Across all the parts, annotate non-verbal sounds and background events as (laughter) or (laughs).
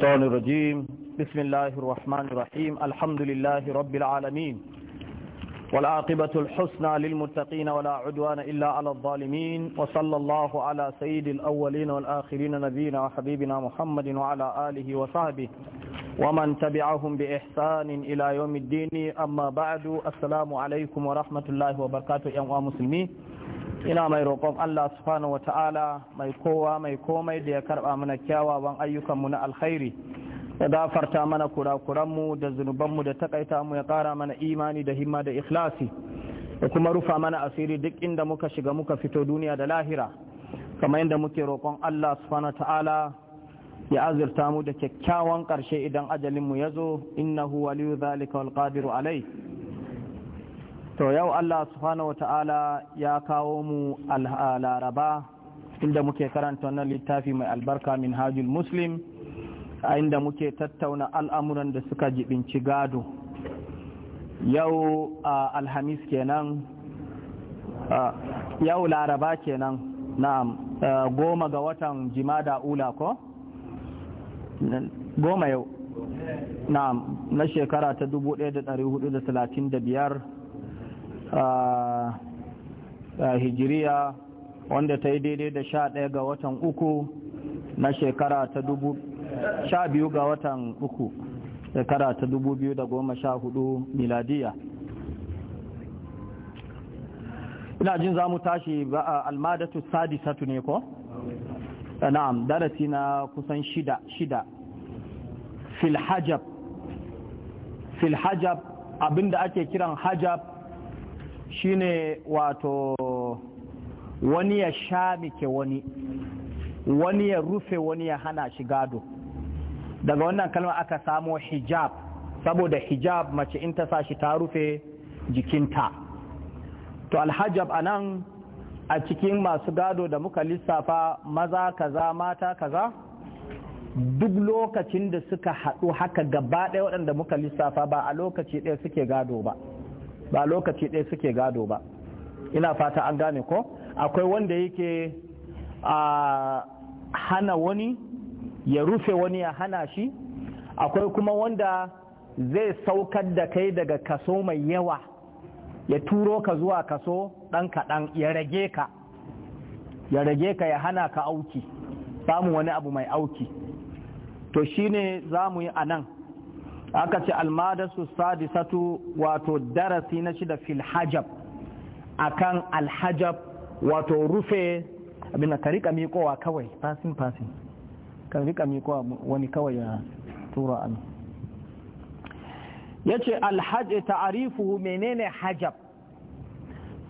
الشيطان الرجيم بسم الله الرحمن الرحيم الحمد لله رب العالمين والعاقبة الحسنى للمتقين ولا عدوان إلا على الظالمين وصلى الله على سيد الأولين والآخرين نبينا وحبيبنا محمد وعلى آله وصحبه ومن تبعهم بإحسان إلى يوم الدين أما بعد السلام عليكم ورحمة الله وبركاته يا مسلمين ina mai roƙon Allah subhanahu wata'ala mai kowa mai komai da ya karɓa mana kyawawan ayyukanmu na alkhairi ya gafarta mana kurakuranmu da zunubanmu da takaita mu ya ƙara mana imani da himma da ikhlasi da kuma rufa mana asiri duk inda muka shiga muka fito duniya da lahira kamar yadda muke roƙon Allah subhanahu wata'ala ya azurta mu da kyakkyawan ƙarshe idan ajalinmu ya zo innahu waliyu zalika wal qadiru alai to yau Allah subhanahu wa ta'ala ya kawo mu laraba inda muke karanta wannan littafi mai albarka min hajjul muslim a inda muke tattauna al'amuran da suka jibinci gado yau alhamis kenan yau laraba kenan na goma ga watan jimada ula ko goma yau na shekara ta 1435 hijiriya wanda ta yi daidai da sha ɗaya ga watan uku na shekara ta dubu sha biyu ga watan uku shekara ta dubu biyu da goma sha hudu miladiya ina jin za mu tashi almadatu sadisatu ne ko? na'am darasi na kusan shida shida Filhajab, filhajab, abinda ake kiran hajab shine wato wani ya shamike wani wani ya rufe wani ya hana shi gado daga wannan kalma aka samo hijab saboda hijab mace in ta sashi ta rufe jikinta to alhajab nan, a cikin masu gado da muka lissafa maza kaza mata kaza duk lokacin da suka haɗu haka gaba ɗaya waɗanda muka lissafa ba a lokaci ɗaya suke gado ba ba lokaci ɗaya suke gado ba ina fata an gane ko akwai wanda yake a hana wani ya rufe wani ya hana shi akwai kuma wanda zai saukar da kai daga kaso mai yawa ya turo ka zuwa kaso ɗan kaɗan ya rage ka ya rage ka ya hana ka auki samun wani abu mai auki to shine za mu yi a nan aka ce almadasu sadisatu wato darasi na shida fil hajab akan alhajab wato rufe abin ka rika miƙowa kawai fasin fasin ka rika miƙowa wani kawai ya tura an yace alhaj eh, ta'arifuhu menene hajab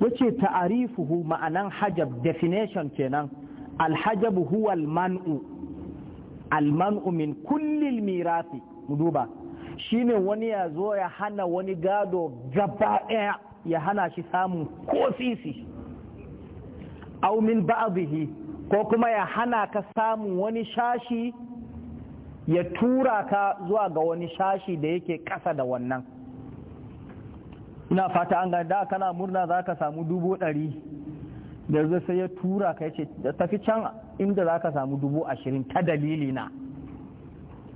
Ya ce ta'arifuhu ma'anan hajab definition kenan alhajab huwa alman'u alman'u min kulli mu duba shine wani ya zo ya hana wani gado gaba ɗaya ya hana shi samun ko sisi aumin ba'abihi ko kuma ya hana ka samun wani shashi ya tura ka zuwa ga wani shashi da yake ƙasa da wannan ina fata an gada kana murna za ka samu dubu ɗari da zai sai ya tura ka ya ce tafi can inda za ka samu dubu ashirin ta dalili na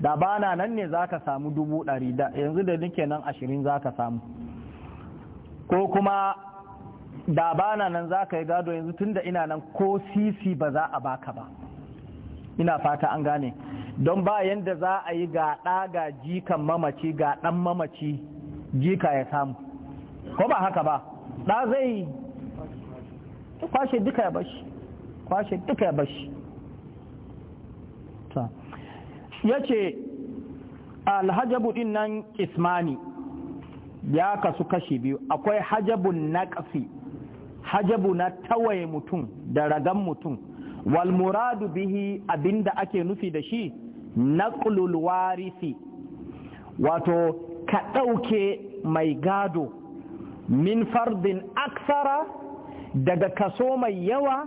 da bana nan ne za ka samu dubu ɗari da yanzu da nake nan ashirin za ka samu ko kuma da bana nan za ka yi gado yanzu tunda ina nan ko sisi ba za a baka ba ina fata an gane don ba yanda za a yi ga ɗa ga jikan mamaci ga ɗan mamaci jika ya samu ko ba haka ba ɗa zai kwashe duka ya bashi kwashe duka ya bashi ya ce alhajabu din nan ismani ya kasu kashi biyu akwai hajabun na ƙafi hajabu na tawaye mutum da ragan mutum wal muradu bihi abinda ake nufi da shi naqlul warisi wato ka ɗauke mai gado min fardin aksara daga kaso mai yawa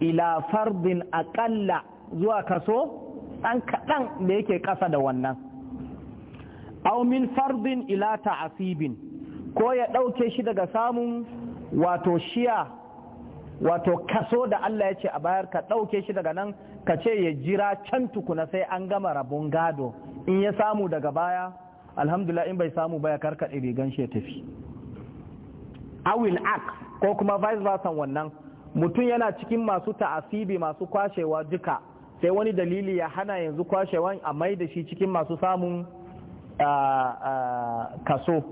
ila fardin aƙalla zuwa kaso ɗan kaɗan da yake ƙasa da wannan aw min fardin ila ta'asibin ko ya ɗauke shi daga samun wato shiya wato kaso da Allah ya ce a bayar ka ɗauke shi daga nan ka ce ya jira can tukuna sai an gama rabon gado in ya samu daga baya alhamdulillah in bai samu baya ya karkaɗe rigan shi ya tafi awil ak ko kuma vice versa wannan mutum yana cikin masu ta'asibi masu kwashewa duka sai wani dalili ya hana yanzu kwashewan a mai da shi cikin masu samun kaso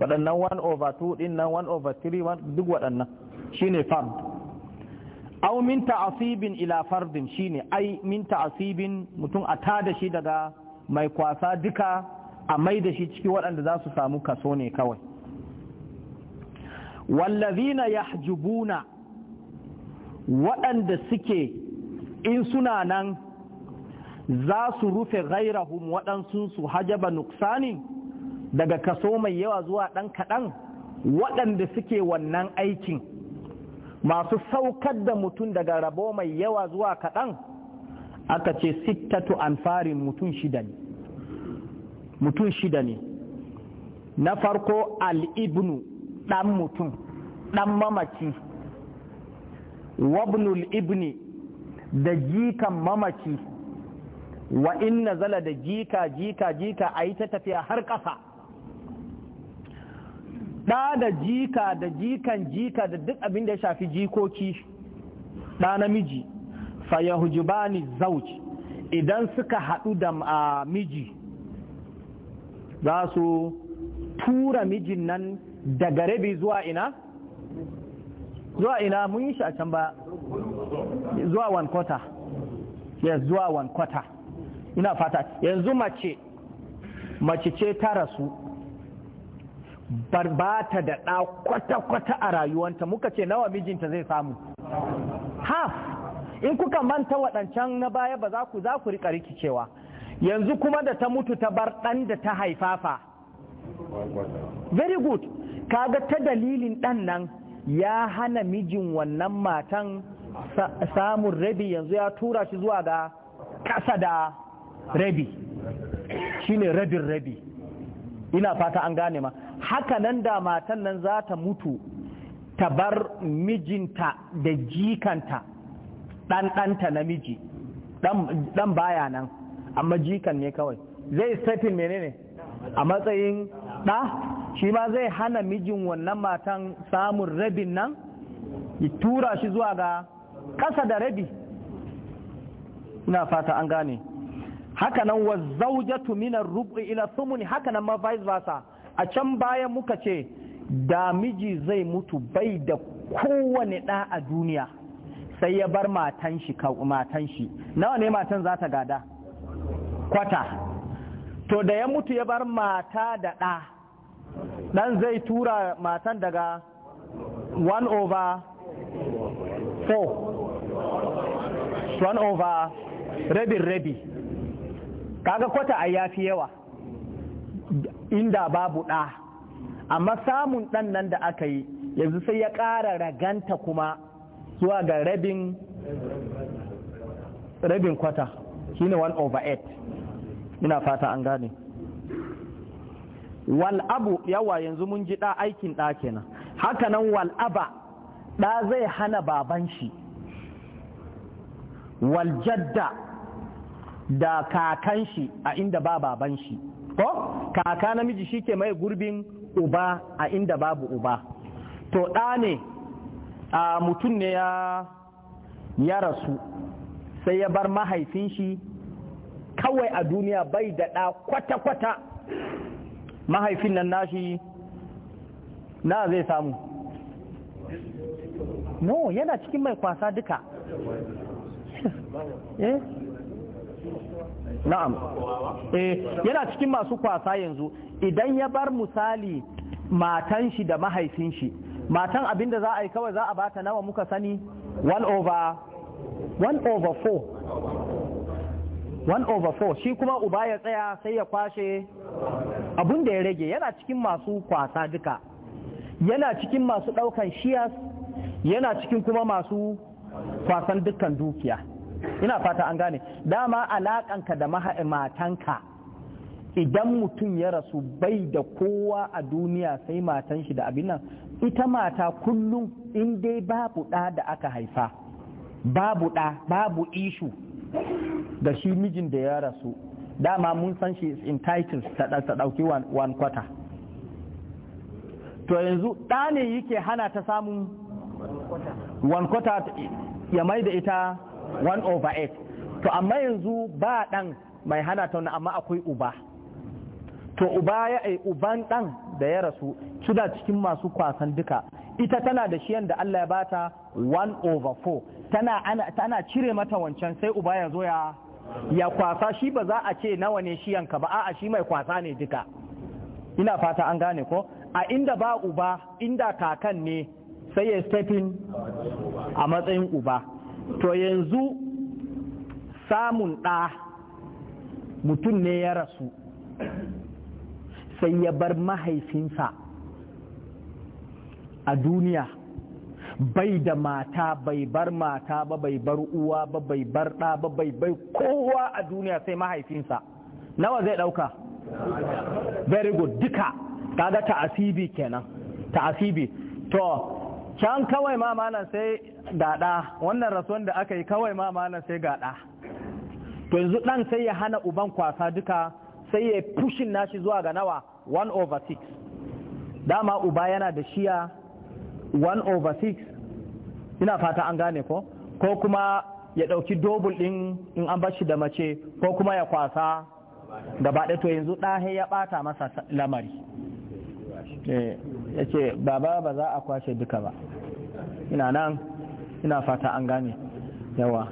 waɗannan 1 over 2 ɗin nan 1 over 3 duk waɗannan shine farm au min ta'asibin ila fardin shine ai min ta'asibin mutum a ta da shi daga mai kwasa duka a mai da shi ciki waɗanda za su samu kaso ne kawai wallazina yahjubuna waɗanda suke in suna nan za su rufe ghairahum su hajaba nuksani daga kaso mai yawa zuwa ɗan kaɗan waɗanda suke wannan aikin masu saukar da mutum daga rabo mai yawa zuwa kaɗan aka ce sittatu anfarin mutum shida ne mutum shida ne na farko al'ibnu ɗan mutum ɗan mamaci wabnul ibni da jikan mamaci wa in zala da jika jika jika a yi ta tafiya har ƙasa ɗa da jika da jikan jika da duk abin da ya shafi jikoki ɗa namiji fayahujibani zauci idan suka haɗu da miji za su tura mijin nan daga rabi zuwa ina zuwa ina mun yi shi a can ba zuwa one quarter yes zuwa one quarter ina fata yanzu mace mace ce ta rasu barbata da ɗa kwata-kwata a rayuwanta muka ce nawa mijinta zai samu Ha, in kuka manta waɗancan na baya ba za ku za ku riƙa cewa yanzu kuma da ta mutu ta bar ɗan da ta haifafa very good kaga ta dalilin ɗan nan ya hana mijin wannan matan samun rabi yanzu ya tura shi zuwa ga kasa da rabi shine rabin rabi ina fata an gane ma haka nan da matan nan za ta mutu ta bar mijinta da jikanta ɗanɗanta miji. ɗan baya nan amma jikan ne kawai zai stepin menene a matsayin ɗa shi ma zai hana mijin wannan matan samun rabin nan ya tura shi zuwa ga Ƙasa da rabi ina fata an gane haka nan wa zaujatu minar rubu ila sumuni haka nan ma vice versa a can bayan muka ce da miji zai mutu bai da kowane ɗa a duniya sai ya bar matan shi matan shi nawa ne matan za ta gada kwata to da ya mutu ya bar mata da ɗa ɗan zai tura matan daga 1 over 4 one over rabin rabi kaga kwata a yafi yawa inda babu ɗa amma samun ɗan nan da aka yi yanzu sai ya ƙara raganta kuma zuwa ga rabin rabin kwata ne one over eight ina fata an gane wal abu yawa yanzu mun ji ɗa aikin ɗa kenan hakanan wal aba ɗa zai hana baban shi waljadda da kakan shi a inda ba baban shi ko kaka namiji shi ke mai gurbin uba a inda babu uba to ɗa ne a mutum ne ya rasu sai ya bar mahaifin shi kawai a duniya bai da ɗa kwata-kwata mahaifin nan nashi na zai samu no yana cikin mai kwasa duka Eh? na'am eh yana cikin masu kwasa yanzu idan ya bar misali matan shi da mahaifin shi matan abinda za a yi kawai za a bata nawa muka sani 1 over 1 over 4 1 over 4 shi kuma uba ya tsaya sai ya kwashe abun da ya rage yana cikin masu kwasa duka yana cikin masu daukan shiyas yana cikin kuma masu kwasan dukkan dukiya ina fata an gane dama alakanka da matanka idan mutum ya rasu bai da kowa a duniya sai matan shi da abin nan ita mata kullum in dai babu ɗa da aka haifa babu ɗa babu ishu da shi mijin da ya rasu dama mun san shi is entitled ta ɗauki one quarter to yanzu ɗa ne yake hana ta samun one quarter ya mai da ita 1 over 8 to amma yanzu ba ɗan mai hana ta wani amma akwai uba to uba ya ai eh, uban ɗan da ya rasu suna cikin masu kwasan duka ita tana da shiyan da Allah ya bata 1 over 4 tana tana cire mata wancan sai uba ya zo ya ya kwasa shi ba za a ce nawa ne shi yanka ba a'a shi mai kwasa ne duka ina fata an gane ko a inda ba uba inda kakan ne sai ya stafin a matsayin uba to yanzu samun ɗa mutum ne ya rasu sai ya bar mahaifinsa a duniya bai da mata bai bar mata ba bai bar uwa ba bai bar ɗa ba bai bai kowa a duniya sai mahaifinsa nawa zai ɗauka very good duka kaga ta'asibi kenan ta'asibi to can kawai ma malam sai gada wannan rasuwan da aka yi kawai ma malam sai gaɗa to yanzu ɗan sai ya hana uban kwasa duka sai ya pushin nashi zuwa ga nawa 1 over 6 dama uba yana da shiya 1 over 6 ina fata an gane ko ko kuma ya ɗauki dobul ɗin in an bashi da mace ko kuma ya kwasa gaba to yanzu ɗahe ya ɓata masa lamari eh. ya ce baba ba za a kwashe duka ba ina nan ina fata an gane yawa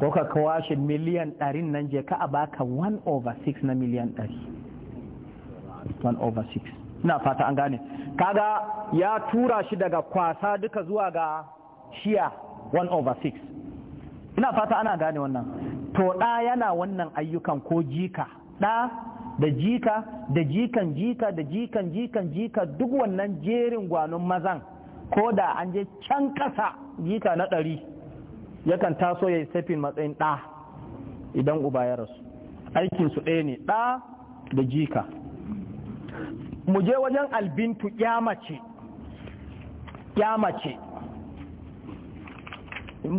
ko ka kwashe miliyan ɗarin nan je ka a baka 1 over 6 na miliyan ɗari 1 over 6 ina fata an gane kaga ya tura shi daga kwasa duka zuwa ga shiya 1 over 6 ina fata ana gane wannan to ɗa yana wannan ayyukan ko jika ɗa da jika da jikan jika da jikan jikan jika duk wannan jerin gwanon mazan ko da an je can kasa jika na ɗari yakan taso ya yi safin matsayin ɗa idan uba ya rasu aikinsu ɗaya ne ɗa da jika mu je wajen albintu kyamace kyamace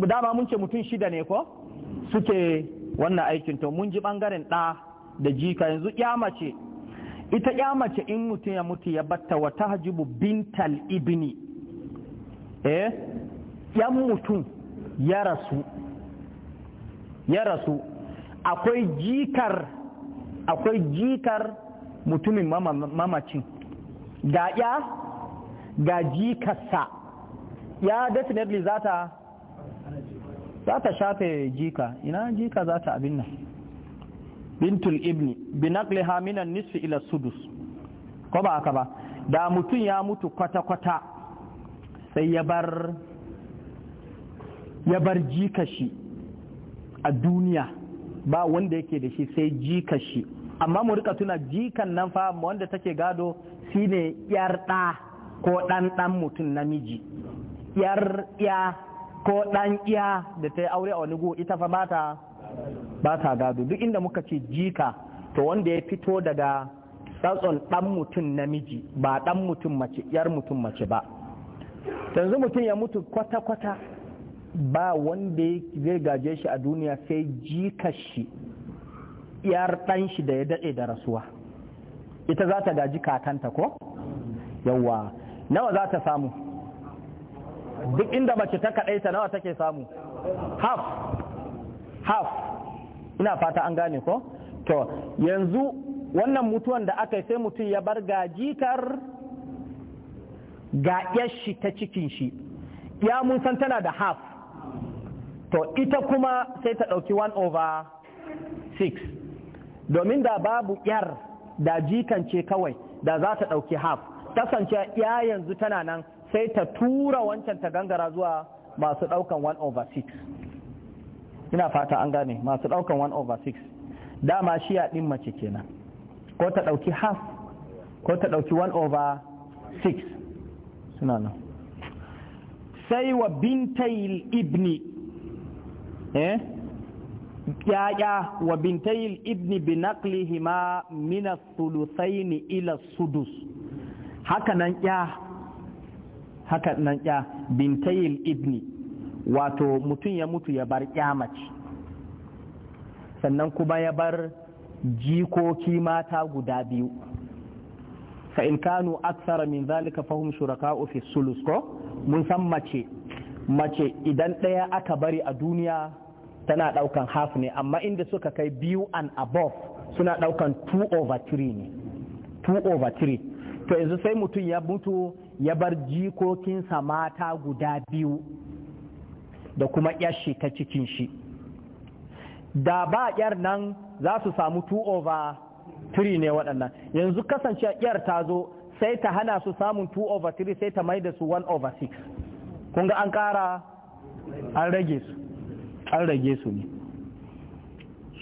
dama mun ce mutum shida ne ko suke wannan aikin to mun ji ɓangaren ɗa da jika yanzu kyamace ita kyamace in mutum ya mutu ya batta wa tahjibu bintal ibini eh yan mutum ya rasu ya rasu akwai jikar akwai jikar mutumin mamacin ga ya ga jikarsa ya definitely za ta shafe jika ina jika za ta abin nan bintul ibni bi naqliha minan nisfi ila sudus ko ba aka ba da mutum ya mutu kwata-kwata sai ya bar ya bar jikashi a duniya ba wanda yake da shi sai jika shi amma mu rika tuna jikan nan fa wanda take gado shine yar 'da ko dan dan mutum namiji yar ya ko dan 'ya da ta aure a wani ita fa mata ba sa gado duk inda muka ce jika to wanda ya fito daga tsatson dan mutum namiji ba dan mutum mace yar mutum mace ba yanzu mutum ya mutu kwata-kwata ba wanda zai gaje shi a duniya sai jikar shi yar dan shi da ya daɗe da rasuwa ita za ta gaji kakanta ko yawa nawa za ta samu duk inda mace ta kaɗaita nawa take samu half half ina fata an gane ko to yanzu wannan mutuwan da aka yi sai mutum ya bar ga jikar ga yashi ta cikin shi ya mun san tana da half to ita kuma sai ta ɗauki 1 over 6 domin da babu yar da jikan ce kawai da za ta ɗauki half kasance ya yanzu tana nan sai ta tura wancan ta gangara zuwa masu ɗaukan 1 over 6 ina fata an gane masu daukan 1 over 6 dama shi shiya din mace kenan ko ta dauki half ko ta dauki 1 over 6 suna nan sai wa bintayil ibni eh yaya wa bintayil ibni bi naqlihima min ath-thuluthayn ila sudus haka nan ya haka nan ya bintayil ibni wato mutum ya mutu ya bar kyamaci sannan kuma ya bar jikoki mata guda biyu fa in kanu aksara min zalika fahum shuraka'u fi sulus ko mun san mace mace idan ɗaya aka bari a duniya tana ɗaukan half ne amma inda suka kai biyu and above suna ɗaukan 2 over 3 ne 2 over 3 to yanzu sai mutum ya mutu ya bar jikokinsa mata guda biyu da kuma yashi ta cikin shi da ba yar nan za su samu 2 over 3 ne waɗannan yanzu kasance yar ta zo sai ta hana su samun 2 over 3 sai ta mai da su 1 over 6 kun ga an ƙara an rage su an rage su ne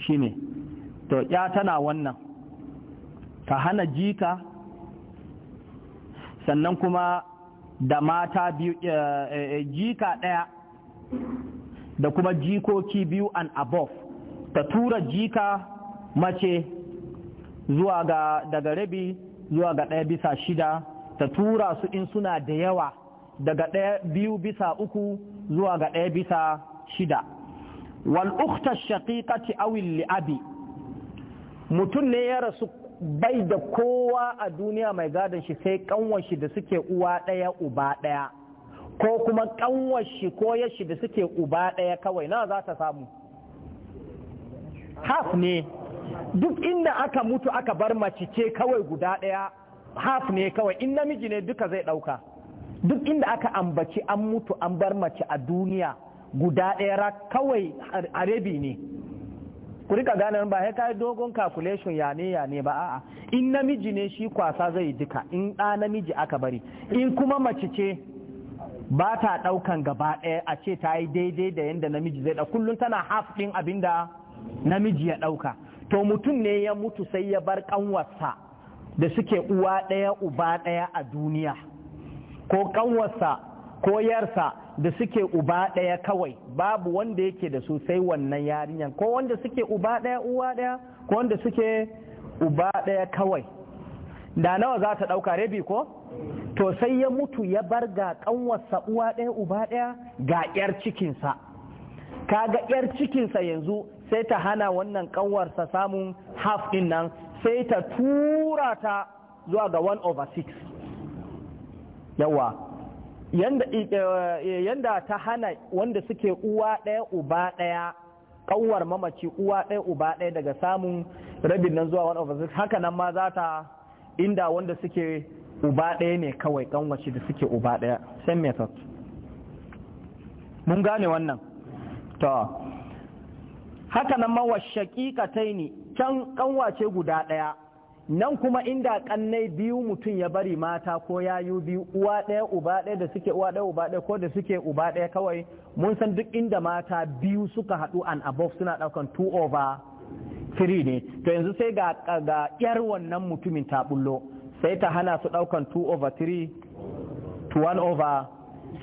shi ne to ya tana wannan ta hana jika sannan kuma da mata biyu eh, eh, jika ɗaya da kuma jikoki biyu an above ta tura jika mace zuwa ga daga rabi zuwa ga ɗaya bisa shida ta tura su in suna da yawa daga ɗaya biyu bisa uku zuwa ga ɗaya bisa shida wal ukta shaqiqati aw abi mutum ne ya rasu bai da kowa a duniya mai gadon shi sai kanwanshi da suke uwa ɗaya uba ɗaya ko kuma ƙanwar shi ko yashi da suke uba ɗaya kawai nawa za ta samu haf ne duk inda aka mutu aka bar mace ce kawai guda ɗaya haf ne kawai in namiji ne duka zai ɗauka duk inda aka ambaci an mutu an bar mace a duniya guda ɗaya kawai arebi ne ku rika gane ba sai kai dogon calculation ya ne ya ne ba a'a in namiji ne shi kwasa zai duka in ɗa namiji aka bari in kuma mace ce ba ta ɗaukan gaba ɗaya a ce ta yi daidai da yadda namiji zai ɗauka kullum tana half ɗin abin da namiji ya ɗauka to mutum ne ya mutu sai ya bar ƙanwarsa da suke uwa ɗaya uba ɗaya a duniya ko ƙanwarsa ko yarsa da suke uba ɗaya kawai babu wanda yake da su sai wannan yarinyar ko wanda suke uba ɗaya uwa ɗaya ko wanda suke uba ɗaya kawai da nawa za ta ɗauka rabi ko to sai ya mutu ya bar ga ƙanwarsa uwa ɗaya uba ɗaya ga ƴar cikinsa kaga ƴar cikinsa yanzu sai ta hana wannan kanwarsa samun half ɗin nan sai ta tura ta zuwa ga one over six. yawa yanda, eh, eh, yanda ta hana wanda suke uwa ɗaya uba ɗaya ƙanwar mamaci uwa ɗaya uba ɗaya daga samun rabin nan zuwa one over six, haka nan ma za ta inda wanda suke uba ɗaya ne kawai kanwace da suke uba ɗaya same method mun gane wannan to haka nan ma shaƙiƙatai ne can kanwace guda ɗaya nan kuma inda kannai biyu mutum ya bari mata ko yayu biyu uwa ɗaya uba ɗaya da suke uwa ɗaya uba ɗaya ko da suke uba ɗaya kawai mun san duk inda mata biyu suka haɗu an above suna ɗaukan two over three ne to yanzu sai ga ga yar wannan mutumin ta bullo sai ta hana su daukan 2 over 3 to 1 over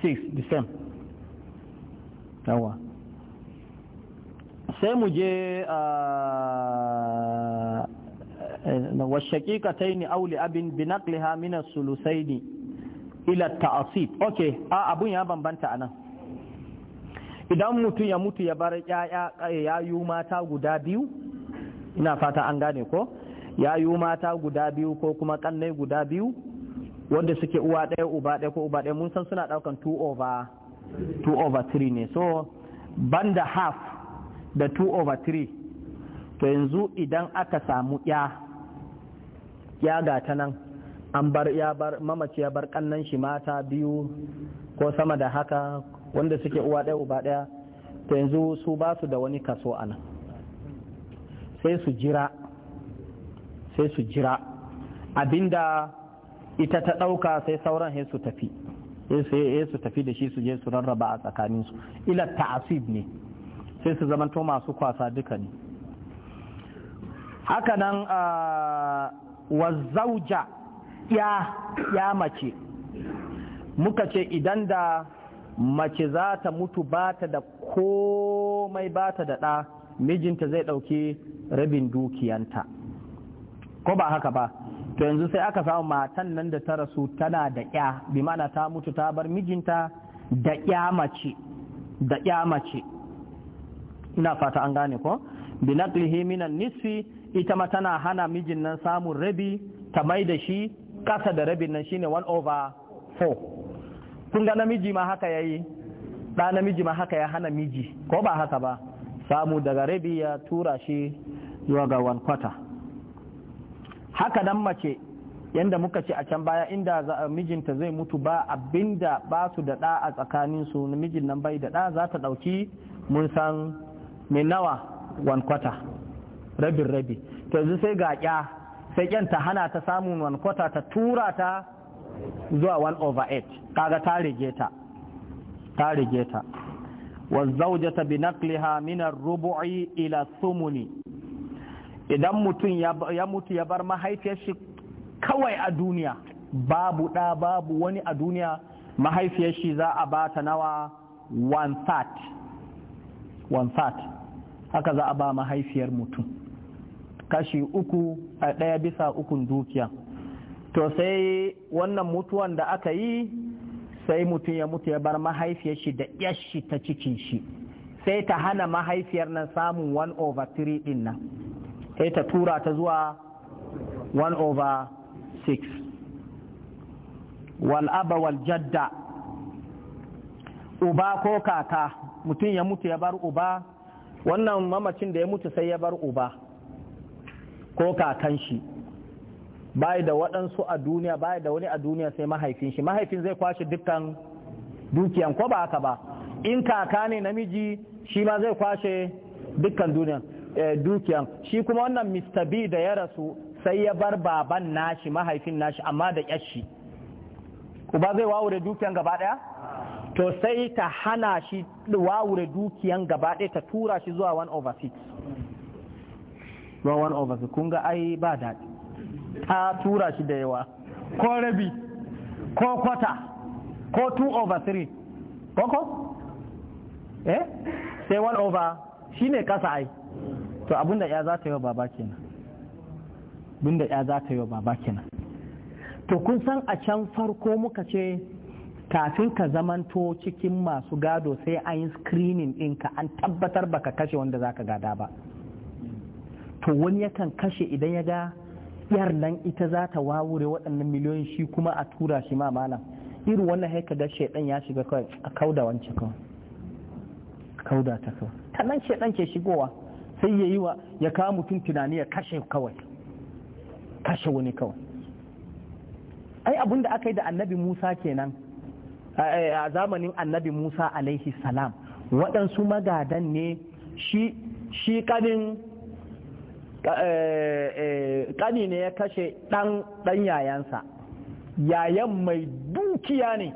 6 the same yawa sai mu je a uh, washaƙiƙatai ne auli abin binakliha minas sulusai ne ila ta'asib ok a abun ya bambanta anan idan mutum ya mutu ya bar ya yi mata guda biyu ina fata an gane ko ya yi mata guda biyu ko kuma kannai guda biyu wanda suke uwa ɗaya uba ɗaya ko uba ɗaya mun san suna ɗaukan 2 over 2 over 3 ne so banda half da 2 over 3 to yanzu idan aka samu ya ya gata nan an bar ya bar mamaci ya bar kannan shi mata biyu ko sama da haka wanda suke uwa ɗaya uba ɗaya to yanzu su ba su da wani kaso a nan sai su jira sai su jira abinda ita ta ɗauka sai sauran su tafi su tafi da shi su je su rarraba a tsakaninsu ila ta'asib ne sai su zamanto masu kwasa duka ne hakanan wa zauja ya ya mace muka ce idan da mace za ta mutu ba ta da komai ba ta da ɗa mijinta zai ɗauki rabin dukiyanta ko ba haka ba to yanzu sai aka samu matan nan da ta rasu tana da ƴa. bi mana ta mutu ta bar mijinta da ƴa mace da ƴa mace ina fata an gane ko bi naqlihi minan nisfi ita ma tana hana mijin nan samun rabi ta mai da shi kasa da rabin nan shine 1 over 4 kun ga namiji ma haka yayi da namiji ma haka ya hana miji ko ba haka ba samu daga rabi ya tura shi zuwa ga 1 quarter haka nan mace yanda muka ce a can baya inda mijinta zai mutu ba abinda ba su da ɗa a tsakaninsu mijin nan bai da ɗa za ta ɗauki mun san mai nawa wankwata rabin rabi to yanzu sai ga ƙya sai ƙyan ta hana ta samun wankwata ta tura ta zuwa one over eight kaga ta rige ta ta rige ta wa zaujata bi naqliha min ar-rubu'i ila thumuni idan mutum ya mutu ya bar mahaifiyar kawai a duniya babu ɗa babu wani a duniya mahaifiyarshi shi za a ba ta nawa one third haka za a ba mahaifiyar mutum kashi uku a ɗaya bisa ukun dukiya to sai wannan mutuwan da aka yi sai mutum ya mutu ya bar mahaifiyarshi da yashi ta cikin shi sai ta hana mahaifiyar nan samun one over three ɗin nan sai ta tura ta zuwa 1 over 6 wal'aba wal jadda uba ko kaka mutum ya mutu ya bar uba wannan mamacin da ya mutu sai ya bar uba ko kakan shi bai da waɗansu a duniya bai da wani a duniya sai mahaifin shi mahaifin zai kwashe dukkan dukiyan ko ba haka ba in kaka ne namiji shi ma zai kwashe dukkan duniyan Eh, dukiyan shi kuma wannan Mr. B da ya rasu sai ya bar baban nashi mahaifin nashi amma da yashi ba zai wawure dukiyan gaba daya to sai ta hana shi wawure dukiyan gaba daya ta tura shi zuwa one over six, zuwa one over six kun ga ai ba daɗi ta tura shi da yawa ko rabi ko kwata ko two over three ko ko eh sai one over shi ne kasa ai to abinda ya za ta yi wa baba kenan abinda ya za ta yi wa baba kenan to kun san a can farko muka ce kafin ka zamanto cikin masu gado sai an yi screening ɗinka an tabbatar baka kashe wanda zaka gada ba to wani yakan kashe idan ya ga yar nan ita za ta wawure waɗannan miliyoyin shi kuma a tura shi ma malam irin wannan haika ga shaidan ya shiga kawai a kauda wancan kawai kauda ta kawai ta nan shaidan ke shigowa sai ya yi wa ya kawo mutum tunani ya kashe kawai kashe wani kawai ai abin aka yi da annabi musa kenan a zamanin annabi musa alaihi salam waɗansu magadan ne shi ƙanin eh, eh, ƙani ne ya kashe ɗan yayansa yayan mai dukiya ne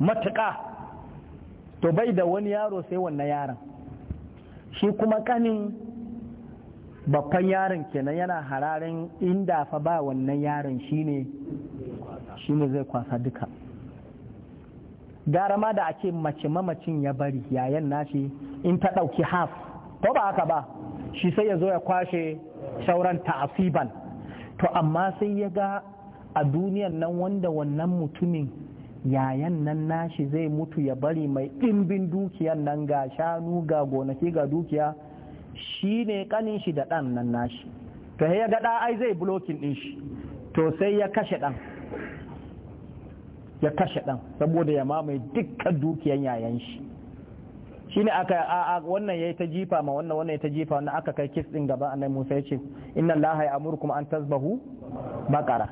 matuƙa to bai da wani yaro sai wannan yaron shi kuma ƙanin babban yaron kenan yana hararin inda fa ba wannan yaron shine shine zai kwasa duka gara ma da ake mace mamacin ya bari yayan nashi in ta ɗauki haf ko ba haka ba shi sai ya zo ya kwashe sauran ta'asiban to amma sai ya ga a duniyan nan wanda wannan mutumin yayan nan nashi zai mutu ya bari mai ɗimbin dukiyan nan ga shanu ga gonaki ga dukiya shi ne kanin shi da ɗan nan nashi to ya gada ai zai bulokin ɗin shi to sai ya kashe ɗan ya kashe ɗan saboda ya mamaye dukkan dukiyan yayan shi shi ne aka a wannan yayi ta jifa ma wannan wannan yayi ta jifa wannan aka kai kis din gaba annabi Musa ce inna allaha ya'murukum an tasbahu baqara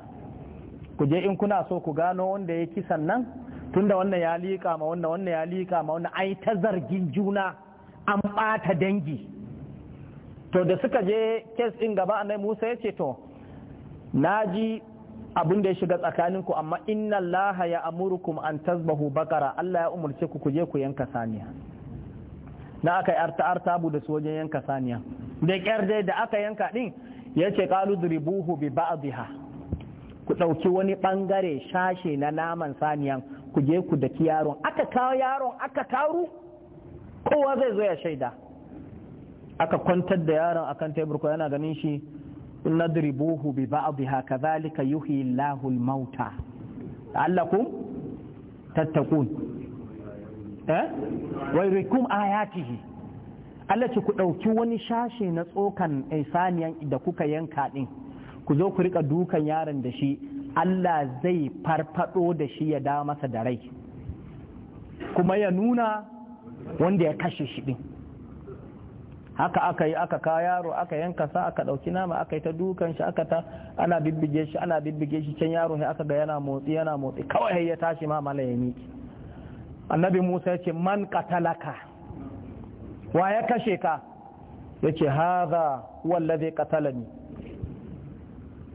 ku je in kuna so ku gano wanda ya kisan nan tunda wannan ya liƙa ma wannan wannan ya liƙa ma wannan ai ta zargin juna an ɓata dangi to da suka je kes ɗin gaba annabi Musa ya ce to naji abin da ya shiga tsakanin ku amma inna Allah ya amurukum an tasbahu bakara Allah ya umarce ku kuje ku yanka saniya na aka arta arta bu da su wajen yanka saniya da kyar dai da aka yanka din ya ce qalu dribuhu bi ba'dihha ku ɗauki wani ɓangare shashe na naman saniyan ku je ku daki yaron aka kawo yaron aka karu? kowa zai zo ya shaida aka kwantar da yaron akan tebur ko yana ganin shi nadribuhu bi ba'dha kadhalika yuhi Allahu al-mauta la'allakum tattaqun eh wa yurikum ayatihi Allah ce ku dauki wani shashe na tsokan insaniyan eh, da kuka yanka din ku zo ku rika dukan yaron da shi Allah zai farfado da shi ya da masa da rai kuma ya nuna wanda ya kashe shi din haka aka yi aka kawo yaro aka yanka sa aka ɗauki nama aka yi ta dukan shi aka ta ana bibbige shi ana bibbige shi can yaro sai aka ga yana motsi yana motsi kawai ya tashi ma mala ya miki annabi musa ya ce man qatalaka wa ya kashe ka yace hadha haza wallazi qatalani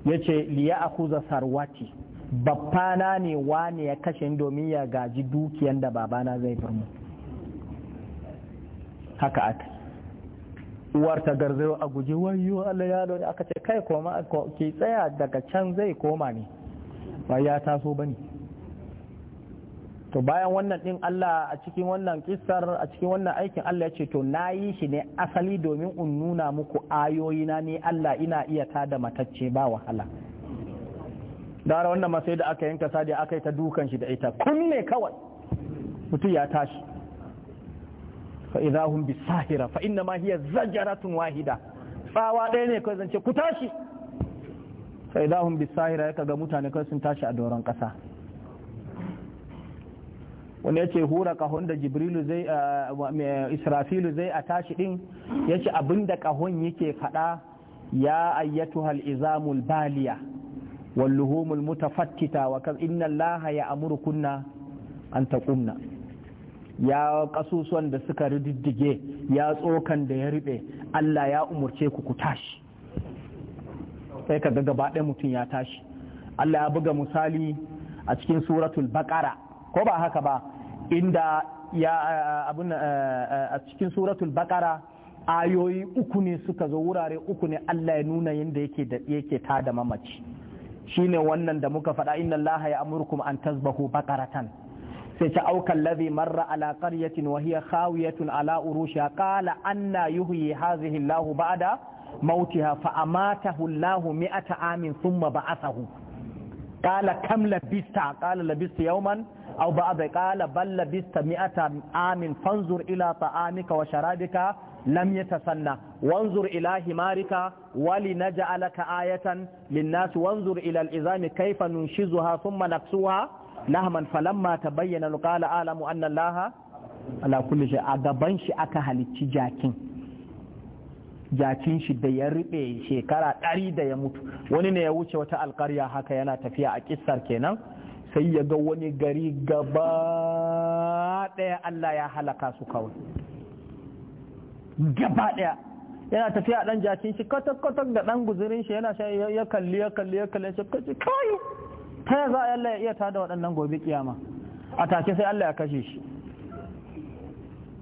yace li liya akuza sarwati babbana ne wani ya kashe domin ya gaji dukiyan da babana zai bar mu haka aka uwar ta garzayo a guji wayo Allah ya lori aka ce kai koma ki tsaya daga can zai koma ne ba ya taso bane to bayan wannan din Allah a cikin wannan kissar a cikin wannan aikin Allah ya ce to nayi shi ne asali domin in nuna muku na ne Allah ina iya tada matacce ba wahala gara wannan masai da aka yanka sadi aka yi ta dukan shi da ita kunne kawai mutum ya tashi fa idahum bisahira fa inna ma hiya zajaratun wahida tsawa ɗaya ne kai zance ku tashi fa bi sahira ya ga mutane kai sun tashi a doron ƙasa wani yace hura kahon da jibrilu zai israfilu zai a tashi din yace abinda ƙahon yake faɗa ya hal izamul baliya واللهوم المتفتتة وكذا إن الله يأمركن an تقمنا ya kasusuwan da suka rididdige ya tsokan da ya riɓe Allah ya umurce ku ku tashi sai ka ga gaba ɗaya mutum ya tashi Allah ya buga misali a cikin suratul baqara ko ba haka ba inda ya abun eh, eh, a cikin suratul baqara ayoyi uku ne suka zo wurare uku ne Allah ya nuna yadda yake da yake tada mamaci shine wannan da muka faɗa inna Allah ya amurkum an tazbahu baqaratan sai ta aukan ladhi marra ala qaryatin wa hiya khawiyatun ala urusha qala anna yuhyi hadhihi Allahu ba'da mautiha fa amatahu Allahu mi'ata amin thumma ba'athahu qala kam labista qala labista yawman aw ba'da qala bal labista mi'ata amin fanzur ila ta'amika wa sharabika lam yatasanna wanzur ila himarika walinaj'alaka ayatan lin-nas wanzur ila al-izami kayfa nunshizuha thumma naksuha lahman falamma ta bayyana qala alamu anna allaha ala kulli shay a gaban shi aka halicci jakin jakin shi da ya riɓe shekara ɗari da ya mutu wani ne ya wuce wata alƙarya haka yana tafiya a kissar kenan sai ya ga wani gari gaba ɗaya Allah ya halaka su kawai gaba ɗaya yana tafiya ɗan jakin shi katak da ɗan guzurin shi yana ya kalli ya kalli ya kalli shi kaci kai ta za a Allah ya iya tada waɗannan gobe kiyama a take sai Allah ya kashe shi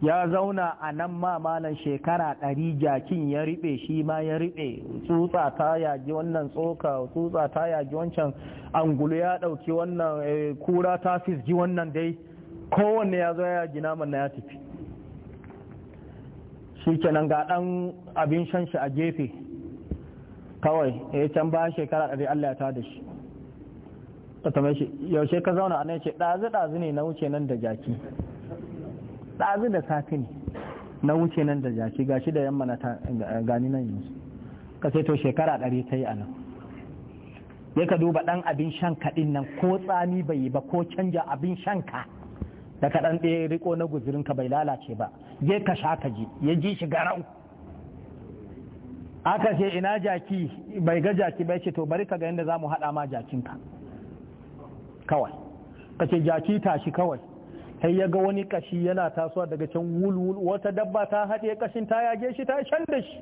ya zauna a nan ma malan shekara ɗari jakin ya riɓe shi ma ya riɓe tsutsa ta yaji wannan tsoka tsutsa ta yaji wancan angulu ya ɗauki wannan eh, kura ta fisji wannan dai kowanne ya zo ya yaji naman na ya tafi shi kenan ga ɗan abin shan shi a gefe kawai ya eh, can bayan shekara ɗari Allah ya ta da shi ta yaushe ka zauna nan ce ɗazu ɗazu ne na wuce nan da jaki ɗazu da safi ne na wuce nan da jaki ga shi da yamma na gani nan yanzu ka sai to shekara ɗari ta yi a nan ya ka duba ɗan abin shan kaɗin nan ko tsami bai yi ba ko canja abin shan ka da ka ɗan ɗaya riko na ka bai lalace ba je ka sha ka ji ya ji shi garau aka ce ina jaki bai ga jaki bai ce to bari ka ga yadda za mu haɗa ma jakinka kawai ka ce jaki tashi kawai sai ya ga wani kashi yana tasowa daga can wulwul wata dabba ta haɗe kashin ta yage shi ta shan da shi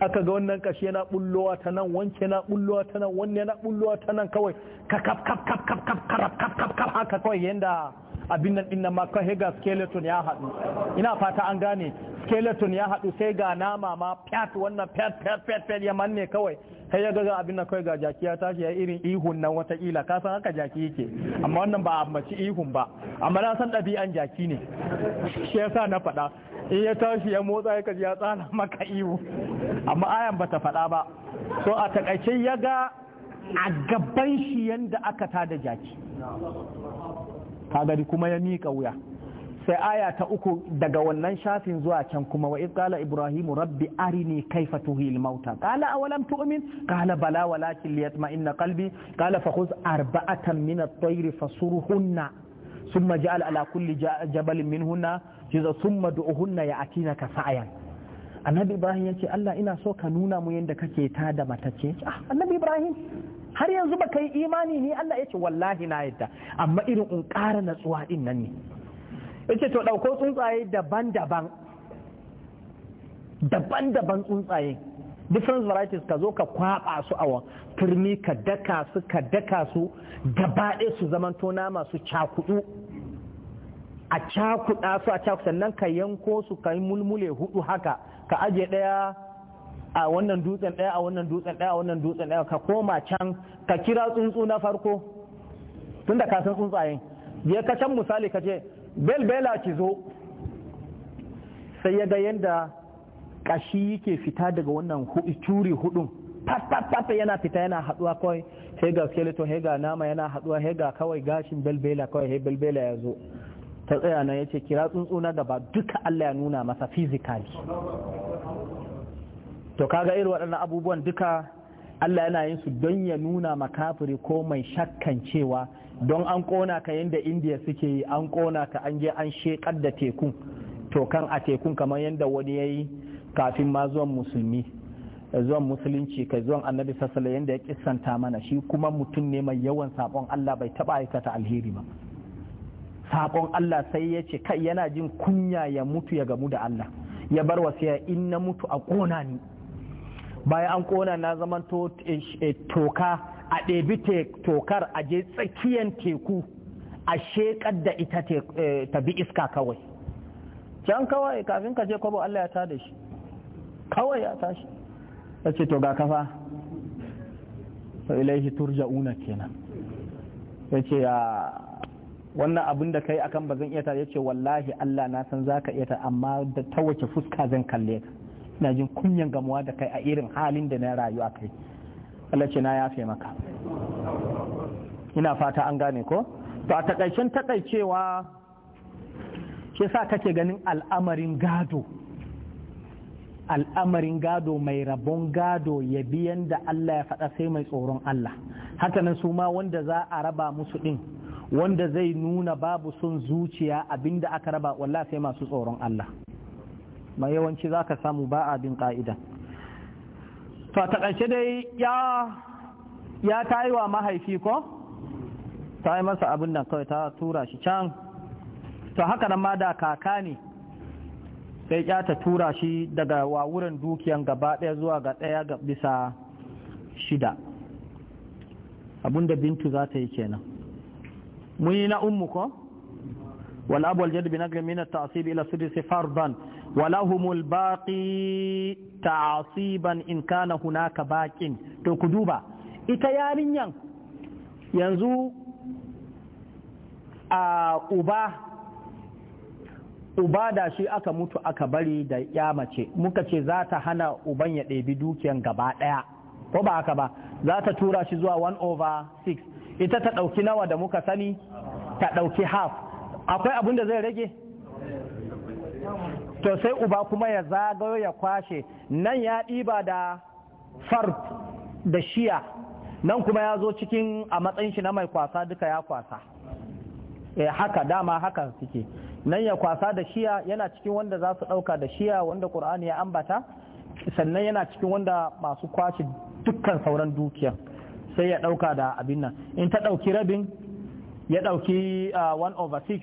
aka ga wannan kashi yana bullowa ta nan wanke na bullowa ta nan wanne na bullowa ta nan kawai ka kap kap kap kap kap kap kap kap kap haka kawai yanda abin nan din nan ma kai ga skeleton ya haɗu ina fata an gane skeleton ya haɗu sai ga nama ma fiat wannan fiat fiat fiat ya manne kawai kai ya ga abin na kai ga jaki ya tashi ya irin ihun nan watakila, ka san haka jaki yake amma wannan ba a mace ihun ba amma na san ɗabi'an jaki ne shi ya sa na faɗa in ya tashi ya motsa ya kaji ya tsana maka ihu amma ayan ba ta faɗa ba so a takaice ya ga a gaban shi yanda aka tada jaki kagari kuma ya miƙa wuya sai aya ta uku daga wannan shafin zuwa can kuma wa iz qala ibrahimu rabbi arini kaifa tuhil mauta qala awalam tu'min qala bala walakin liyatma'inna qalbi qala fakhuz arba'atan min at-tayr fasurhunna thumma ja'al ala kulli jabalin minhunna jiza thumma du'uhunna ya'tinaka sa'yan annabi ibrahim yace Allah ina so ka nuna mu yanda kake ta da matacce ah annabi ibrahim har yanzu baka yi imani ni Allah yace wallahi na yadda amma irin in kara natsuwa din nan ne yace to ɗauko tsuntsaye daban-daban daban-daban tsuntsaye different varieties ka zo ka kwaɓa su a turmi ka daka su ka daka su gaba ɗaya su zamanto tona masu cakudu a cakuɗa su a cakuɗa sannan ka yanko su ka yi mulmule hudu haka ka ajiye ɗaya a wannan dutsen ɗaya a wannan dutsen ɗaya a wannan dutsen ɗaya ka koma can ka kira tsuntsu na farko tunda ka san tsuntsayen je ka can misali ka ce belbela ki zo sai ya ga yadda kashi yake fita daga wannan curi hudun fata yana fita yana haduwa kawai sai ga skeleton hega nama yana haduwa hega kawai gashin belbela kawai bel belbela ya zo ta tsaya na ya ce kira tsuntsu na gaba duka Allah ya nuna masa fizikali. to kaga irin waɗannan abubuwan duka Allah yana yin su don ya nuna makafiri ko mai shakkan cewa don an kona ka yadda indiya suke yi an kona ka an je an shekar da tekun to kan a tekun kamar yadda wani ya yi kafin ma zuwan musulmi zuwan musulunci kai zuwan annabi sassala yadda ya kissanta mana shi kuma mutum ne mai yawan sabon allah bai taba aikata alheri ba sabon allah sai ya ce kai yana jin kunya ya mutu ya gamu da allah ya bar wasiya in na mutu a kona ni bayan an kona na zaman eh, eh, toka a ɗebi tokar a je tsakiyar teku a sheƙar da ita eh, ta bi iska kawai can kawai kafin ka je kwabo Allah ya ta da shi kawai ya tashi ya ce to ga kafa fa turja una kenan ya ce ya wannan abin da kai akan ba zan iya ta ya ce wallahi Allah na san za ka iya ta amma da ta wace fuska zan kalle ka ina jin kunyan gamuwa da kai a irin halin da na rayu a kai Allah ce na yafe maka ina fata an gane ko to a takaicen takaicewa ke sa kake ganin al'amarin gado al'amarin gado mai rabon gado ya biyan da Allah ya faɗa sai mai tsoron Allah hakanan su ma wanda za a raba musu ɗin wanda zai nuna babu son zuciya abinda aka raba wallah sai masu tsoron Allah ma yawanci za ka samu ba a bin ƙa'ida to a taƙaice dai ya ya ta wa mahaifi ko ta yi masa abin nan kawai ta tura shi can to haka nan ma da kaka ne sai ya ta tura shi daga wa wurin dukiyan gaba ɗaya zuwa ga ɗaya ga bisa shida da bintu za ta yi kenan mun yi na ummu ko wal jadu jadbi na gami tasiri ta'asibi ila sudus fardan Wala ولهم الباقي تعصيبا إن كان هناك باق to ku duba ita yarinyan yanzu a uba da shi aka mutu aka bari da ya mace muka ce za ta hana uban ya ɗebi dukiyan gaba ɗaya ko ba haka ba za ta tura shi zuwa 1 over 6 ita ta ɗauki nawa da muka sani ta ɗauki half akwai abin da zai rage to sai uba kuma ya zagayo ya kwashe nan ya ɗiba da far da shiya nan kuma ya zo cikin a matsayin shi na mai kwasa duka ya kwasa e, haka dama haka suke nan ya kwasa da shiya yana cikin wanda za su ɗauka da shiya wanda ƙur'ani ya ambata sannan yana cikin wanda masu kwashe dukkan sauran dukiya sai ya ɗauka da abin nan in ta ɗauki rabin ya ɗauki 1 ah, over 6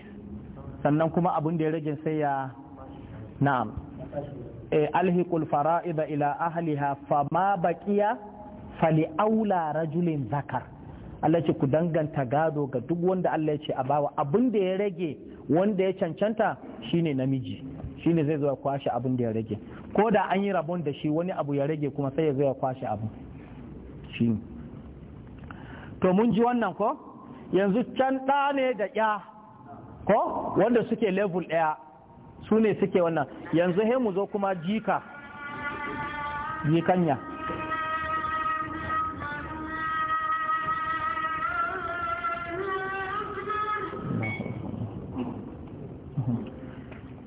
sannan kuma abin da ya rage sai ya na'am eh, alhiqul fara'iza, ila ahliha hafama, baqiya fali aula rajulin zakar Allah ce ku danganta gado ga duk wanda Allah ya ce a bawa abin da ya rage wanda ya cancanta shine namiji shine zai zo ya kwashe abin da ya rage ko da an yi rabon da shi wani abu ya rage kuma sai ya zo ya kwashe abu shi to mun ji wannan ko yanzu can ɗa ne da ya ko wanda suke level ɗaya su ne suke wannan yanzu he mu zo kuma jika jikanya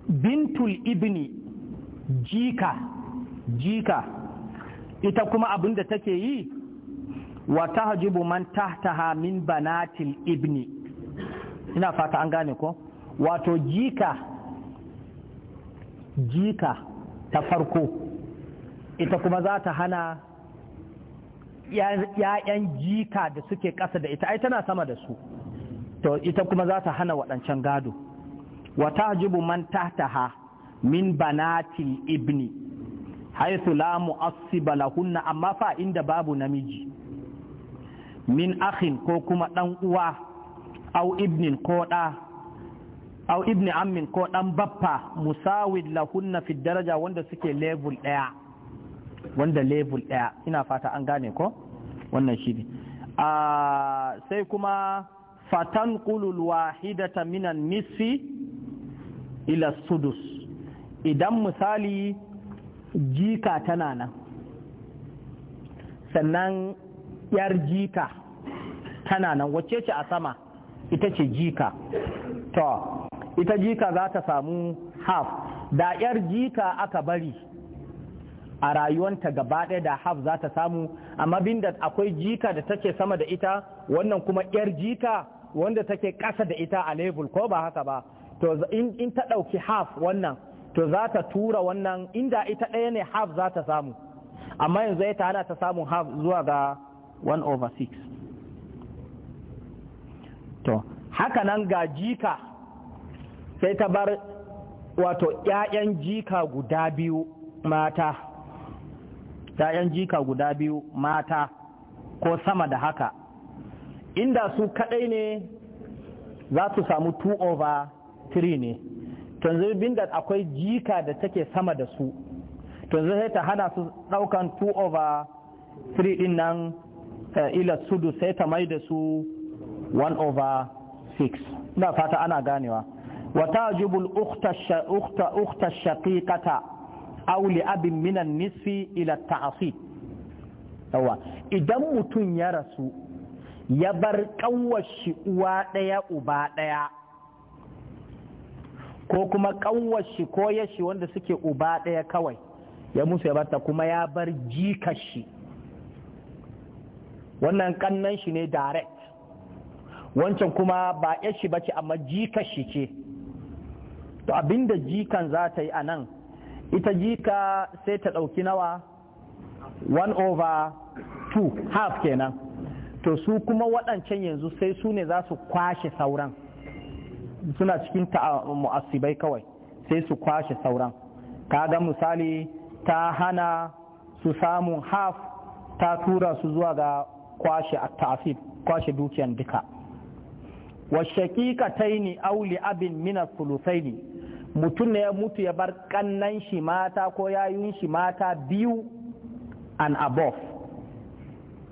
bintul ibni jika jika ita kuma abin da take yi wa hajibu man tahtaha min banatil ibni ina fata an gane ko wato jika jika ta farko ita kuma za ta hana ‘ya'yan jika da suke ƙasa da ita ai tana sama da su to ita kuma za ta hana waɗancan gado wata jibu man tahtaha min banatil ibni haithu la mu'assiba lahunna amma fa inda babu namiji min akhin ko kuma ɗan uwa au ibnin ko ɗa au ibni Amin ko dan Bappa musawid lahunna fi daraja wanda suke level daya wanda level daya ina fata an gane ko wannan shi a sai kuma fatan qulul wahidata minan nisfi ila sudus idan misali jika tana nan sannan yar jika tana nan wacce ce a sama ita ce jika to ita jika za ta samu haf da yar jika aka bari a rayuwanta gaba ɗaya da haf za ta samu amma bin akwai jika da take sama da ita wannan kuma yar jika wanda take ƙasa da ita a level ko ba haka ba to in ta ɗauki haf wannan to za ta tura wannan inda ita ɗaya ne haf za ta samu amma yanzu ya hana ta samu haf zuwa ga 1 over 6 to haka nan ga jika sai ta bar wato ‘ya'yan jika guda biyu mata ‘ya'yan jika guda biyu mata ko sama da haka inda su kaɗai ne za su samu 2 over 3 ne tunzubin da akwai jika da take sama da su tunzu sai ta hana su ɗaukan 2 over 3 ɗin nan eh, ila sudu sai ta mai da su 1 over 6 na fata ana ganewa وتعجب الأخت أخت أخت الشقيقة abin minan nisi, ila إلى idan mutum ya rasu ya bar ƙanwashi uwa ɗaya uba ɗaya ko kuma ƙanwashi ko yashi wanda suke uba ɗaya kawai ya musu ya barta kuma ya bar jikashi wannan kannan shi ne direct wancan kuma ba yashi ba amma jikashi ce to abinda jikan za ta yi a nan ita jika sai ta ɗauki nawa 1 over 2 half kenan to su kuma waɗancan yanzu sai su ne za su kwashe sauran suna cikin ah, mu'asibai kawai sai su kwashe sauran kaga misali ta hana su samun half ta tura su zuwa ga kwashe ta'afi, kwashe dukiyan duka wa shakika taini auli abin mina sulusaini mutum ne ya mutu ya bar kannan shi mata ko yayun shi mata biyu and above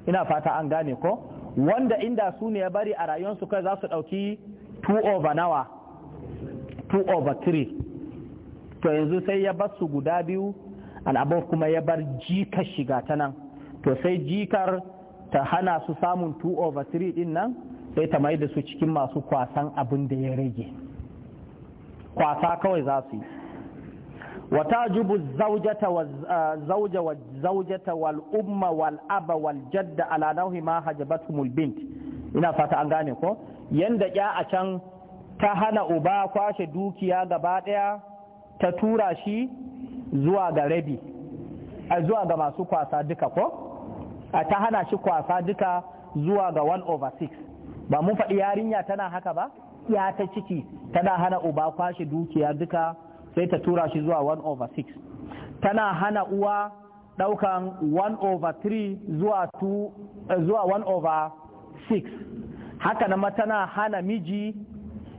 ina fata an gane ko wanda inda su ne ya bari a rayuwarsu kai za su ɗauki 2 over nawa 2 over 3 to yanzu sai ya bar su guda biyu and above kuma ya bar jika shiga ta nan to sai jikar ta hana su samun 2 over 3 din nan sai ta mai da su cikin masu kwasan abin da ya rage. kwasa kawai za su yi wata jubu eh, zauja wa zaujata wal umma wal aba wal jadda ala nauhi ma ina fata an gane ko yanda ya a can ta hana uba kwashe dukiya gaba daya ta tura shi zuwa ga rabi a zuwa ga masu kwasa duka ko a ta hana shi kwasa duka zuwa ga 1 over 6 ba mun faɗi yarinya tana haka ba gaskiya ta ciki tana hana uba kwashe dukiya duka sai ta tura shi zuwa 1 over 6 tana hana uwa daukan 1 over 3 zuwa 2 eh, zuwa 1 over 6 haka nan ma tana hana miji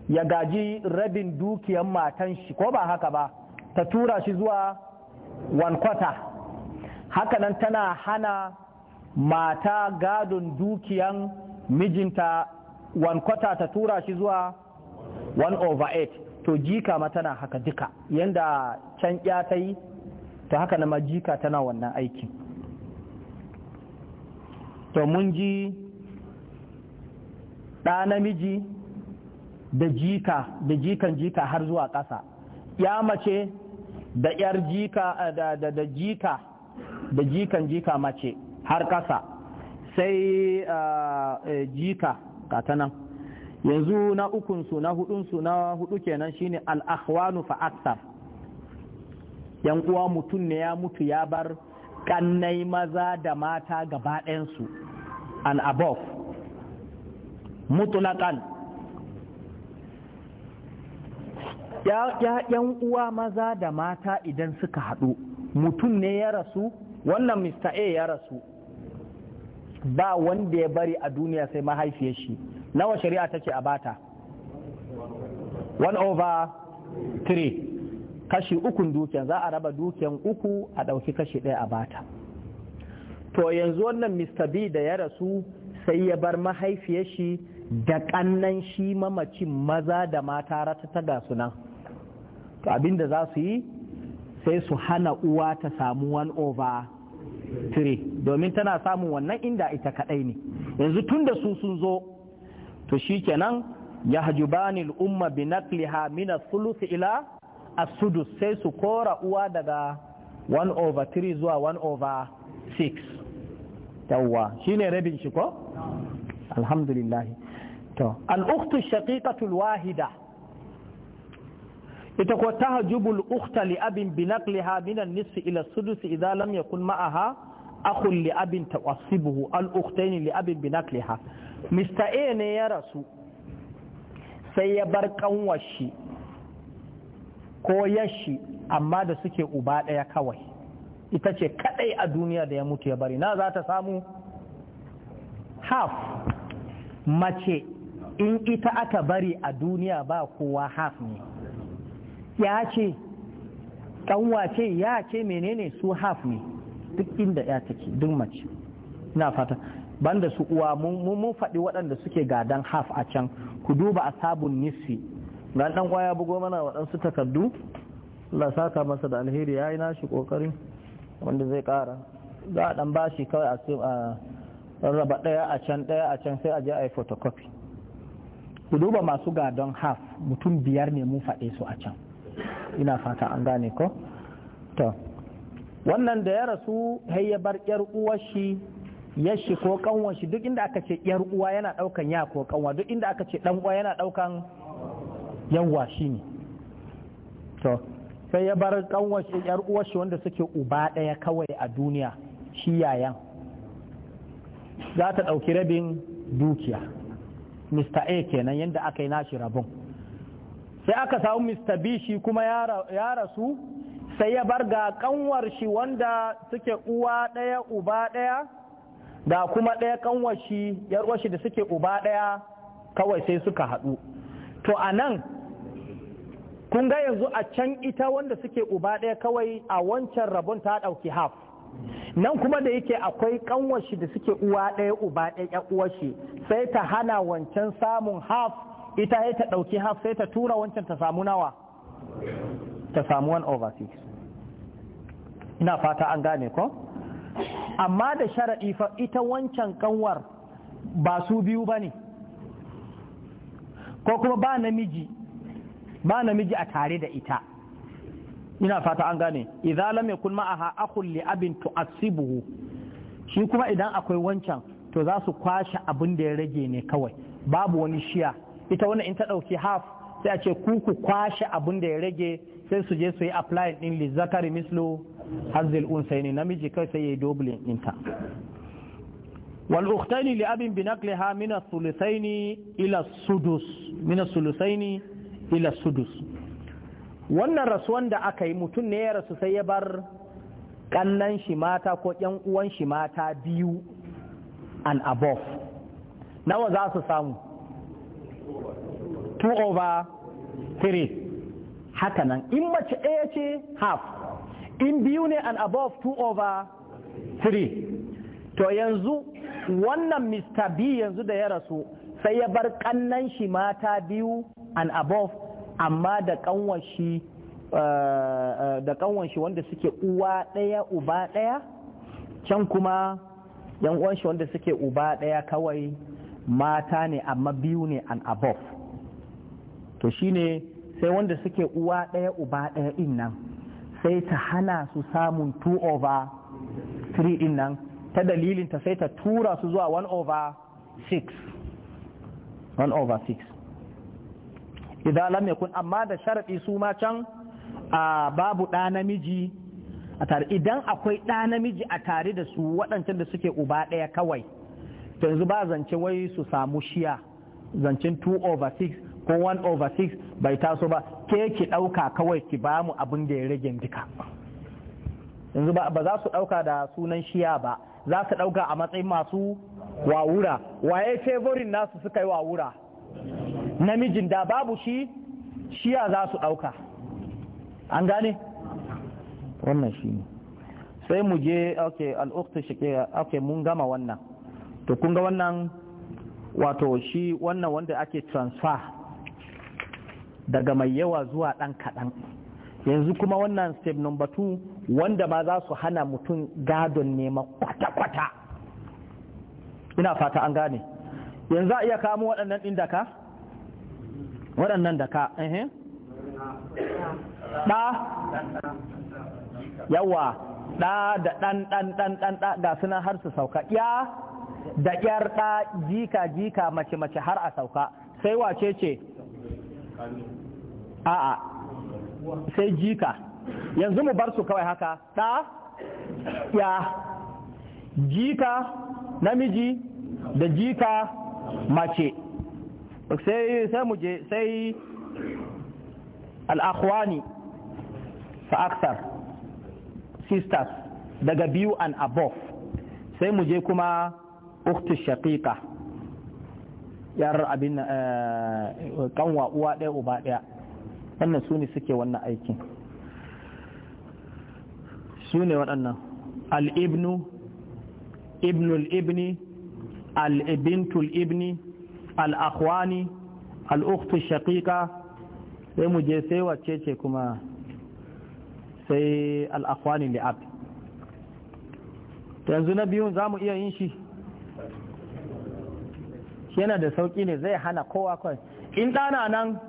ya gaji rabin dukiyan matan shi ko ba haka ba ta tura shi zuwa 1 quarter haka nan tana hana mata gadon dukiyan mijinta one quarter ta tura shi zuwa one over eight to jika ma tana haka duka yanda can ya ta yi to haka na ma jika tana wannan aiki to mun ji ɗa namiji da jika da jikan jika har zuwa ƙasa ya mace da yar jika eh, da, jika da jikan jika mace har ƙasa sai uh, jika ta nan yanzu na ukunsu na hudunsu na hudu kenan shine al-akhwanu fa yan uwa mutum ne ya mutu ya bar kannai maza da mata gaba ɗayansu an above mutulakan yan uwa maza da mata idan suka haɗu mutum ne ya rasu wannan mr a ya rasu ba wanda ya bari a duniya sai mahaifiyar shi nawa shari'a take a bata 1 over 3 kashi ukun dukiyan za a raba dukiyan uku a ɗauki kashi ɗaya a bata to yanzu wannan mr b da ya rasu sai ya bar mahaifiyar shi da ƙannan shi mamacin maza da mata ratata ga nan to abinda za su yi sai su hana uwa ta samu one over fitiri domin tana samun wannan inda ita kaɗai ne yanzu tun da su sun zo to shikenan ya hajubani al'umma bi naqliha min as ila as-sudus sai su kora uwa daga 1 over 3 zuwa 1 over 6 yawwa shine rabin shi ko alhamdulillah to al-ukhtu shaqiqatu al-wahida ita ko tahjubul ukhta li abin bi naqliha min an-nisfi ila as-sudus idza lam yakun ma'aha akhun li abin tawassibuhu al ukhtain li abin binakliha mr a ne ya rasu sai ya bar kanwashi ko yashi amma da suke uba ɗaya kawai ita ce kadai a duniya da ya mutu ya bari na za ta samu half mace in ita aka bari a duniya ba kowa half ne ya ce ɗanwa ce ya ce menene su half ne duk inda ya take duk mace ina fata banda su uwa mun mun faɗi waɗanda suke gadan haf a can ku duba asabun sabon nisfi dan dan kwaya bugo mana waɗansu takardu Allah saka masa da alheri yayi nashi kokari wanda zai ƙara za a dan bashi kawai a rarraba ɗaya a can ɗaya a can sai a je a yi photocopy ku duba masu gadon haf mutum biyar ne mun faɗe su a can ina fata an gane ko wannan da ya rasu ya bar yar uwar shi ya shi ko kanwar shi duk inda aka ce yar uwa yana daukan ya ko kanwa duk inda aka ce dan uwa yana daukan yawa shi ne to sai ya bar kanwar shi yar uwar shi wanda suke uba daya kawai a duniya shi yayan za ta dauki rabin dukiya Mr. A kenan yadda aka yi nashi rabon sai aka samu Mr. B shi kuma ya rasu sai ya bar ga kanwar shi wanda suke uwa ɗaya uba ɗaya ga kuma ɗaya kanwar shi yarwar da suke uba ɗaya kawai sai suka haɗu to a nan kun ga yanzu a can ita wanda suke uba ɗaya kawai a wancan rabon ta ɗauki haf nan kuma da yake akwai kanwar shi da suke uwa ɗaya uba ɗaya uwar shi sai ta hana wancan samun haf ita ya ta ɗauki haf sai ta tura wancan ta samu nawa ta samu one over ina fata an gane ko amma da sharaɗi fa ita wancan kanwar ba su biyu ba ne ko kuma ba namiji ba namiji a tare da ita ina fata an gane idza lam yakun ma'aha akhul li abin shi kuma idan akwai wancan to za su kwashe abin da ya rage ne kawai babu wani shiya ita wannan in ta ɗauki haf sai a ce ku ku kwashe abin da ya rage sai su je su yi apply din li zakari mislu hazil unsaini namiji kai sai yayi doubling ɗinta wal ukhtaini li abin bi naqliha min ath ila sudus min ath ila sudus wannan rasuwan da aka yi mutum ne ya rasu sai ya bar kannan shi mata ko yan uwan shi mata biyu and above nawa za su samu two over three. haka nan in mace ɗaya ce half in biyu ne and above two over three to yanzu wannan mr b yanzu da ya rasu sai ya bar ƙannan shi mata biyu and above amma da ƙanwar shi eh, eh, da ƙanwar shi wanda suke uwa ɗaya uba ɗaya can kuma yan uwan shi wanda suke uba ɗaya kawai mata ne amma biyu ne and above to shine sai wanda suke uwa ɗaya uba ɗaya ɗin nan sai ta hana su samun 2 over 3 ɗin nan ta dalilin ta sai ta tura su zuwa 1 over 6 over 6 idan lam yakun amma da sharaɗi su ma can a babu ɗa namiji a tare idan akwai ɗa namiji a tare da su waɗancan da suke uba ɗaya kawai yanzu ba zance wai su samu shiya zancen 2 over 6 ko 1 over 6 bai taso ba ke ki ɗauka kawai ki ba mu abin da ya rage duka yanzu ba za su ɗauka da sunan shiya ba za su ɗauka a matsayin masu wawura waye favorin nasu suka yi wawura namijin da babu shi shiya za su ɗauka an gane wannan shi ne sai mu je ok al'ukta shi ake mun gama wannan to kun ga wannan wato shi wannan wanda ake transfer daga mai yawa zuwa ɗan kaɗan yanzu kuma wannan step number two wanda ma za su hana mutum gadon nema kwata-kwata ina fata an gane yanzu a iya kamo waɗannan ɗin daka waɗannan daka ɗa yawa ɗa da ɗan ɗan ɗan ɗan ɗa ga suna har su sauka ya da ƙyar ɗa jika jika mace mace har a sauka sai wace ce a'a sai jika yanzu mu bar su kawai haka ta ya jika namiji da jika mace sai sai mu je sai al'akwani fa aksar sisters daga biyu and above sai mu je kuma uktu shaqiqa yar abin eh, kanwa uwa ɗaya uba ɗaya wannan su ne suke wannan aikin su ne waɗannan al'ibnu ibnul ibni al'ibintul ibni al'akwani al'uktu shaƙiƙa sai mu je sai wace ce kuma sai al'akwani li'ab yanzu na biyun za mu iya yin shi yana da sauƙi ne zai hana kowa kawai in ɗana nan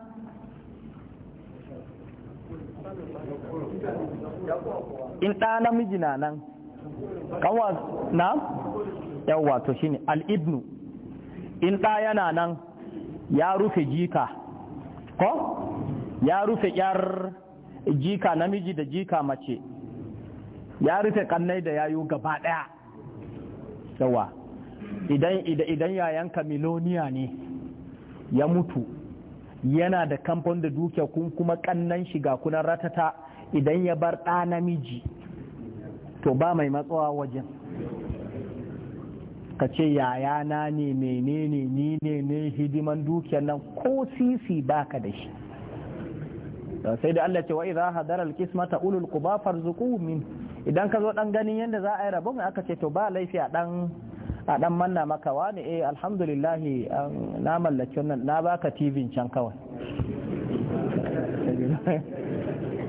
in ɗa namiji na nan kanwa na yawa to shine al-ibnu in ɗa yana nan ya rufe jika ko ya rufe ƴar jika namiji da jika mace ya rufe kannai da yayu gaba ɗaya yawa idan idan yayanka miloniya ne ya mutu yana da kamfan da duke kun kuma kannan shiga kunan ratata idan ya bar ɗa namiji to ba mai matsawa wajen ka ce yayana ne menene ni ne ne hidiman dukiyar nan ko sisi baka da shi sai da Allah ce wa idza hadara alqismata ulul quba farzuqu min idan ka zo dan ganin yanda za a yi rabon aka ce to ba laifi a dan a dan manna maka wani eh alhamdulillah na mallaki wannan na baka tv can kawai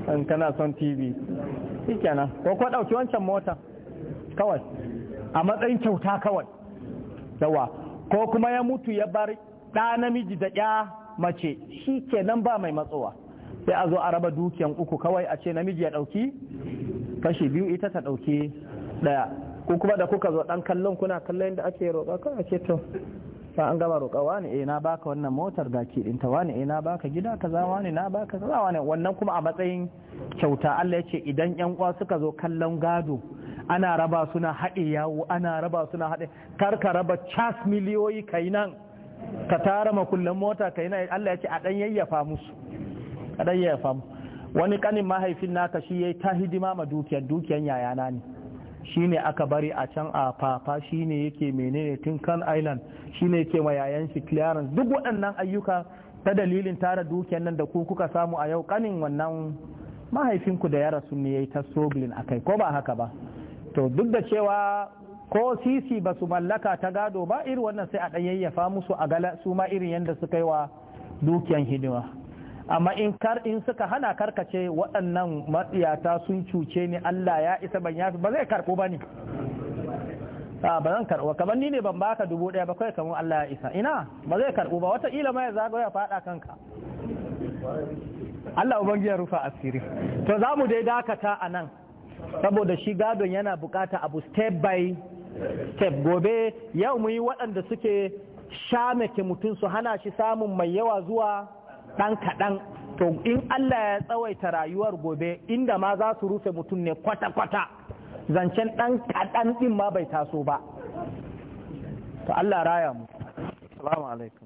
an (laughs) kana son tv shikenan ko ko dauki wancan mota kawai a matsayin kyauta kawai yawa ko kuma ya mutu ya bar ɗa namiji da ya mace shikenan ba mai matsowa sai a zo a raba dukiyan uku kawai a ce namiji ya dauki kashi biyu ita ta dauki daya ko kuma da kuka zo dan kallon kuna kallon yadda ake roƙa ka ake to sai an gaba roƙa wani eh na baka wannan motar ga ki dinta wani eh na baka gida kaza wani na baka kaza wani wannan kuma a matsayin kyauta Allah ya ce idan yan uwa suka zo kallon gado ana raba suna haɗe yawo ana raba suna haɗe kar ka raba cas miliyoyi kai nan ka tara ma makullan mota kai nan Allah ya ce a dan yayyafa musu a dan yayyafa wani kanin mahaifin naka shi yayi ta hidima ma dukiyar dukiyar yayana ne shine aka bari a can a fafa shine yake menene tun kan island shine yake wa yayan shi clearance duk waɗannan ayyuka ta dalilin tara dukiyan nan da ku kuka samu a yau kanin wannan mahaifinku da ya rasu ne yi ta soglin akai ko ba haka ba to duk da cewa ko sisi ba su mallaka ta gado ba irin wannan sai a ɗan yayyafa musu a gala su ma irin yadda suka yi wa dukiyan hidima amma in kar in suka hana karkace waɗannan matsiyata sun cuce ni Allah ya isa ban yafi ba zai karɓo ba ne a ba zan karɓo kamar ni ne ban baka dubu ɗaya ba kai kamar Allah ya isa ina ba zai karɓo ba wata ila ma ya zago ya faɗa kanka Allah ubangi ya rufa asiri to za mu dai dakata a nan saboda shi gadon yana bukata abu step by step gobe yau mu yi waɗanda suke shamake mutum su hana shi samun mai yawa zuwa ɗan kaɗan to in Allah ya tsawaita rayuwar gobe inda ma za su rufe mutum ne kwata-kwata zancen ɗan kaɗan ɗin ma bai taso ba to Allah raya mu salamu alaikum